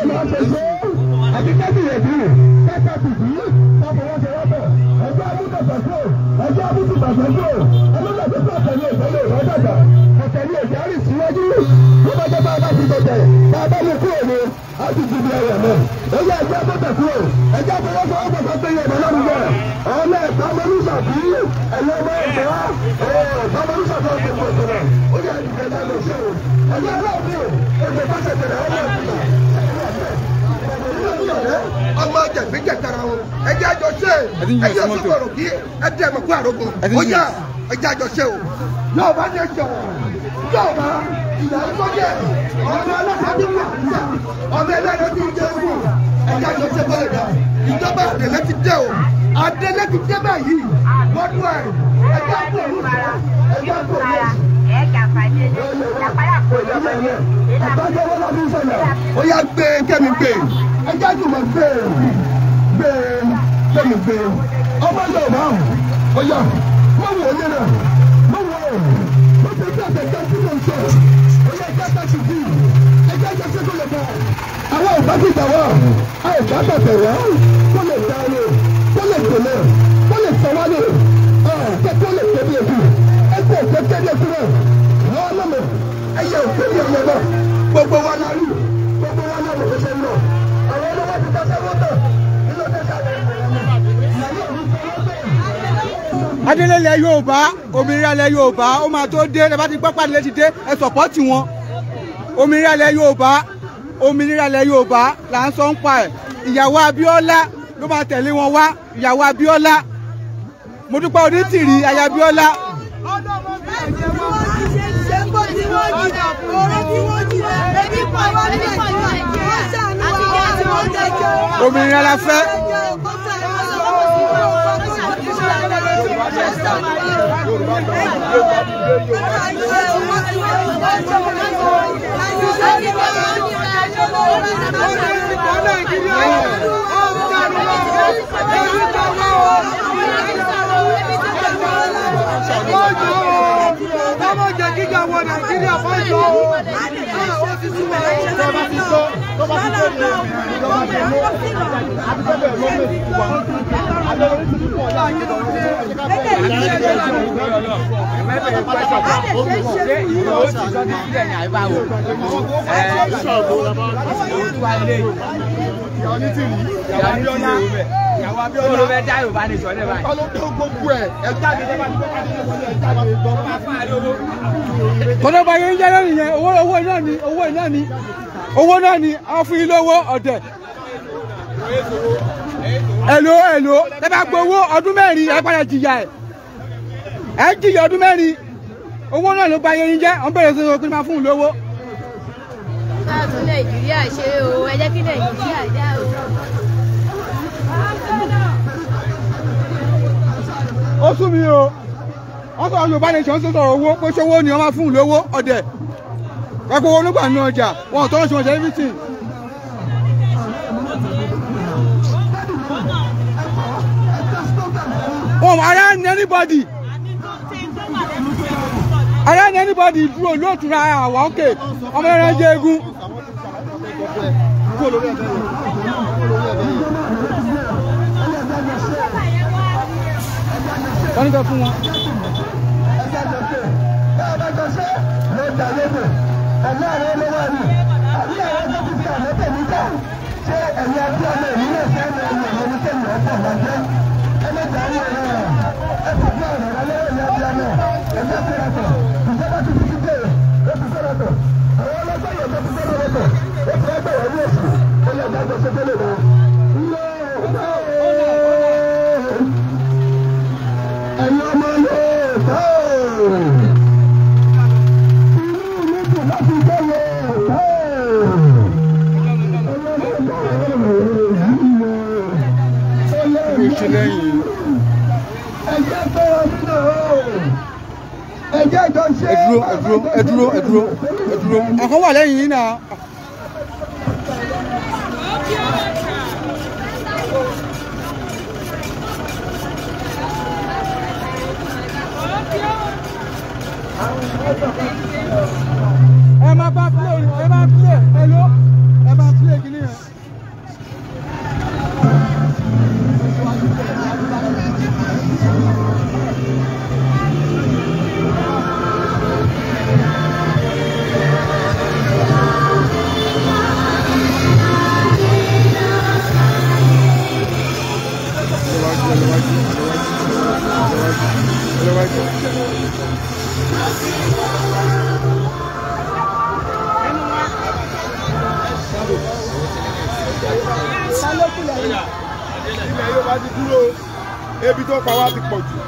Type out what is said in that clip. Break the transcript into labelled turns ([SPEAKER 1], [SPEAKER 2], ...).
[SPEAKER 1] oṣù àṣẹṣe àti kẹ́bíyèsí kẹ́kẹ́ tìbí káfọwọ́sẹ̀ rọ́bọ̀ ẹjọ́ abúdàgbàsó ẹjọ́ abúdùgbàsókò ẹlọ́dàgbàsó àtẹ̀lé ìtọ́lé ìrọ́dàgbà àtẹ̀lé ìjárí síwájú ló bá jẹ́ bá bá ti bẹ̀tẹ̀ bá bá mú kúrò ní àtúntì bí ẹ̀rẹ̀ mọ́ ẹjọ́ ẹjọ́ abúdàgbàsó ẹjọ́ afọwọ́sowọ́pọ̀ tó gbé yẹ̀mọ́ lárugẹ ọmọ ẹ̀ka mọ́lúsàbí ẹ̀lọ́mọ ẹ̀ka ẹ̀ka mọ́lúsàbí ọ̀gbìn gbọ̀ngàn ó yẹ ẹ̀jẹ̀ lánàá sí òun ẹ̀jẹ̀ aláàbò ẹ̀jẹ̀ pàṣẹ tẹ̀lé ọmọ ọmọ jẹ̀gbẹ́jẹ̀gbẹ́ra wọn ẹjẹ́ àjọ ṣe ẹjẹ́ sọ̀rọ̀ kí ẹdẹ ẹ̀mọ̀ kú àrògbò ó yà ẹjẹ́ àjọ ṣe o. yóò bá dé jọ yóò bá ìyá ọmọ ọlọ́sàdé wà nígbà ọmọ ẹlẹ́rọ ti ń jẹ́ fún ẹjẹ́ ṣe bá ẹ̀dá ìjọba àdélé ti dé o àdélé ti dé báyìí wọ́n dún ẹ̀ ẹjẹ́ àpò òun fi ṣẹlẹ̀ ó yá gbé kẹ́mi gbé ẹ jẹ́ jùmọ̀ gbé gbé kẹ́mi gbé ọmọ Yorùbá ó yá mo wò ó nínú mo wò ó mo ti gbé àtẹ̀jẹ́ tí mo ń sọ ó yá ẹjẹ́ bá ti dì ẹjẹ́ jẹ́ sí kó lè bá àwọn ò bá ti gbà wá a ò bá bàtẹ̀ wá kó lè dá lé kó lè tẹ̀lé kó lè sọ̀wá lé ẹ̀ kó lè tẹ̀lé kú ẹ kó kó tẹ̀lé kú náà lọ́ọ́ lọ́mọ ẹ yẹ òkú ní ọmọ náà gbogbo wa la rí gbogbo wa la wò ló ṣe ń lọ àwọn olówó ti tẹ sẹ́wọ́n tán nínú tẹ́sán
[SPEAKER 2] adélélẹ̀ Yorùbá òmìnira lẹ̀ Yorùbá ó máa tó dé ẹ bá ti gbọ́ pàdé létí dé ẹ sọ̀pọ́tì wọn òmìnira lẹ̀ Yorùbá òmìnira lẹ̀ Yorùbá là ń sọ ń pa ẹ̀ ìyàwó Abíọ́lá ló máa tẹ̀lé wọn wá ìyàwó Abíọ́lá mo dúpẹ́ onítìrí aya Abíọ́lá.
[SPEAKER 1] ọlọ́mọ bí ẹ̀jẹ̀ wọn ṣe ṣe ń bọ́ tí wọ́n jìnnà orí tí wọ́n jìnnà.
[SPEAKER 2] òmìnira la fẹ́.
[SPEAKER 1] Báwo jẹ́ gíga wọ Nàìjíríà fọ́jọ́ o? Tó ti sọ, tó ti sọ Ìyàwó bẹ dá Yorùbá ní báyìí. ń
[SPEAKER 2] jẹ́ lónìí yẹn, owó náà ni, owó náà ni, a fún yín lówó ọ̀dẹ̀ èlò èlò ẹ bá gbowó ọdún mẹ́rin ẹ padà jìyà ẹ ẹ jìyà ọdún mẹ́rin owó náà ló bà yẹn jẹ́ ọ̀n bẹ̀rẹ̀ sọ́sọ́ pé máa fún un lówó.
[SPEAKER 1] ká tún nàìjíríà ṣe o ẹ jẹ́ kí nàìjíríà já o.
[SPEAKER 2] ó sún mi o wọ́n sọ̀rọ̀ yorùbá nation ṣe sọ̀rọ̀ owó pé ṣé owó ni wọ́n máa fún un lówó ọ̀dẹ̀ ẹ̀kọ́ owó nígbà náà ọjà wọn ò tọ́jú ọjà everything. from around anybody around anybody dúró lóòtúra àwa òkè ọmọ ẹran jẹ egun.
[SPEAKER 1] wọ́n ní bẹ́ẹ̀ fún wọn. ẹ̀lẹ́rìí ló ẹlẹ́dàá yẹn náà. ẹ dúró ẹ dúró
[SPEAKER 2] ẹ dúró ẹ dúró ẹ dúró àwọn wà lẹ́yìn yìí náà. sálókù lẹ́yìn. ilẹ̀ yóò bá ti dúró
[SPEAKER 1] ebi tó pa wá ti pọ̀ jù.